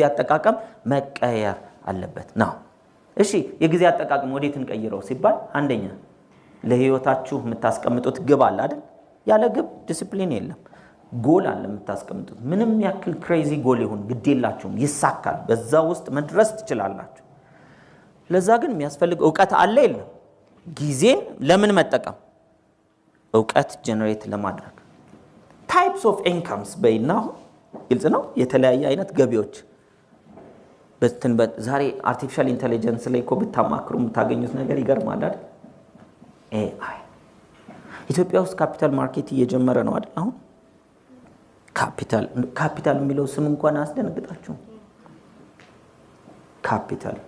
ጊዜ አጠቃቀም መቀየር አለበት ነው። እሺ የጊዜ አጠቃቀም ወዴት እንቀይረው ሲባል አንደኛ ለህይወታችሁ የምታስቀምጡት ግብ አለ አይደል? ያለ ግብ ዲስፕሊን የለም። ጎል አለ የምታስቀምጡት። ምንም ያክል ክሬዚ ጎል ይሁን ግድ የላችሁም፣ ይሳካል። በዛ ውስጥ መድረስ ትችላላችሁ። ለዛ ግን የሚያስፈልግ እውቀት አለ የለም? ጊዜን ለምን መጠቀም? እውቀት ጀነሬት ለማድረግ ታይፕስ ኦፍ ኢንካምስ በይና፣ አሁን ግልጽ ነው። የተለያየ አይነት ገቢዎች ብትንበት ዛሬ አርቲፊሻል ኢንቴሊጀንስ ላይ እኮ ብታማክሩ የምታገኙት ነገር ይገርማል አይደል? ኤአይ ኢትዮጵያ ውስጥ ካፒታል ማርኬት እየጀመረ ነው አይደል? አሁን ካፒታል ካፒታል የሚለው ስም እንኳን አያስደነግጣችሁ። ካፒታል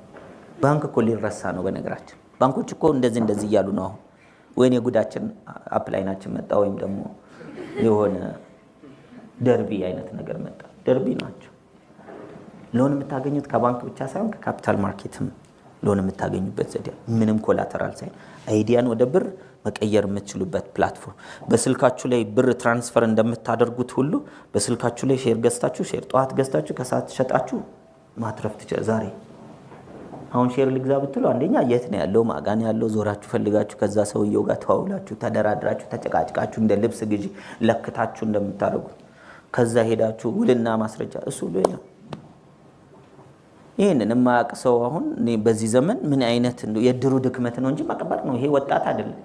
ባንክ እኮ ሊረሳ ነው። በነገራችን ባንኮች እኮ እንደዚህ እንደዚህ እያሉ ነው አሁን። ወይኔ የጉዳችን አፕላይናችን መጣ፣ ወይም ደግሞ የሆነ ደርቢ አይነት ነገር መጣ። ደርቢ ናቸው ሎን የምታገኙት ከባንክ ብቻ ሳይሆን ከካፒታል ማርኬትም ሎን የምታገኙበት ዘዴ ምንም ኮላተራል ሳይሆን አይዲያን ወደ ብር መቀየር የምትችሉበት ፕላትፎርም። በስልካችሁ ላይ ብር ትራንስፈር እንደምታደርጉት ሁሉ በስልካችሁ ላይ ሼር ገዝታችሁ ሼር ጠዋት ገዝታችሁ ከሰዓት ሸጣችሁ ማትረፍ ትችላል። ዛሬ አሁን ሼር ልግዛ ብትሉ አንደኛ የት ነው ያለው ማጋን ያለው ዞራችሁ ፈልጋችሁ ከዛ ሰውየው ጋር ተዋውላችሁ ተደራድራችሁ ተጨቃጭቃችሁ እንደ ልብስ ግዢ ለክታችሁ እንደምታደርጉት ከዛ ሄዳችሁ ውልና ማስረጃ እሱ ሁሉ የለም። ይህንን የማያውቅ ሰው አሁን በዚህ ዘመን ምን አይነት የድሩ ድክመት ነው እንጂ መቀበል ነው። ይሄ ወጣት አይደለም፣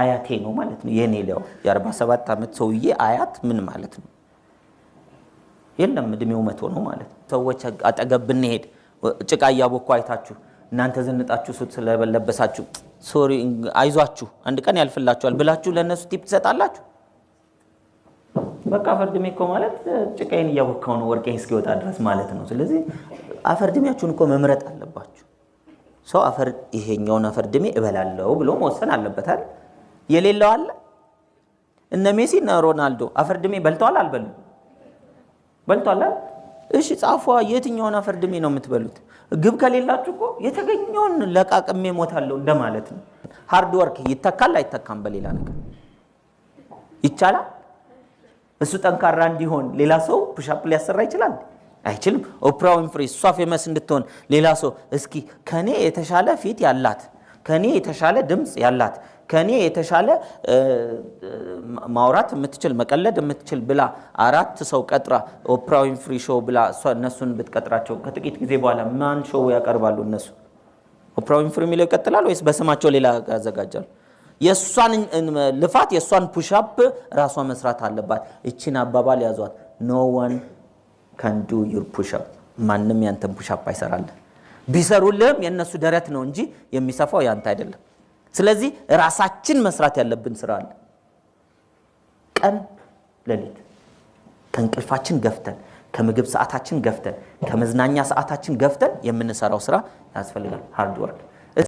አያቴ ነው ማለት ነው። የኔ ለው የ47 ዓመት ሰውዬ አያት ምን ማለት ነው? የለም እድሜው መቶ ነው ማለት ነው። ሰዎች አጠገብ ብንሄድ ጭቃ እያቦኩ አይታችሁ እናንተ ዘንጣችሁ ሱት ስለለበሳችሁ ሶሪ አይዟችሁ አንድ ቀን ያልፍላችኋል ብላችሁ ለእነሱ ቲፕ ትሰጣላችሁ። በቃ አፈርድሜ እኮ ማለት ጭቃዬን እያቦካው ነው ወርቄ እስኪወጣ ድረስ ማለት ነው። ስለዚህ አፈርድሜያችሁን እኮ መምረጥ አለባችሁ። ሰው አፈር ይሄኛውን አፈርድሜ እበላለው ብሎ መወሰን አለበታል። የሌለው አለ። እነ ሜሲ እነ ሮናልዶ አፈርድሜ በልተዋል አልበሉ? በልተዋል። እሺ ጻፏ፣ የትኛውን አፈርድሜ ነው የምትበሉት? ግብ ከሌላችሁ እኮ የተገኘውን ለቃቅሜ ሞታለሁ እንደማለት ነው። ሃርድ ወርክ ይተካል አይተካም? በሌላ ነገር ይቻላል እሱ ጠንካራ እንዲሆን ሌላ ሰው ፑሻፕ ሊያሰራ ይችላል? አይችልም። ኦፕራ ዊንፍሪ እሷ ፌመስ እንድትሆን ሌላ ሰው እስኪ ከኔ የተሻለ ፊት ያላት፣ ከኔ የተሻለ ድምፅ ያላት፣ ከኔ የተሻለ ማውራት የምትችል መቀለድ የምትችል ብላ አራት ሰው ቀጥራ ኦፕራ ዊንፍሪ ሾው ብላ እነሱን ብትቀጥራቸው ከጥቂት ጊዜ በኋላ ማን ሾው ያቀርባሉ? እነሱ ኦፕራ ዊንፍሪ የሚለው ይቀጥላል ወይስ በስማቸው ሌላ ያዘጋጃሉ? የእሷን ልፋት የእሷን ፑሻፕ ራሷ መስራት አለባት። እቺን አባባል ያዟት። ኖ ዋን ካን ዱ ዩር ፑሻፕ፣ ማንም ያንተን ፑሻፕ አይሰራለ? ቢሰሩልህም የእነሱ ደረት ነው እንጂ የሚሰፋው ያንተ አይደለም። ስለዚህ ራሳችን መስራት ያለብን ስራ አለ። ቀን ሌሊት ከእንቅልፋችን ገፍተን ከምግብ ሰዓታችን ገፍተን ከመዝናኛ ሰዓታችን ገፍተን የምንሰራው ስራ ያስፈልጋል። ሃርድ ወርክ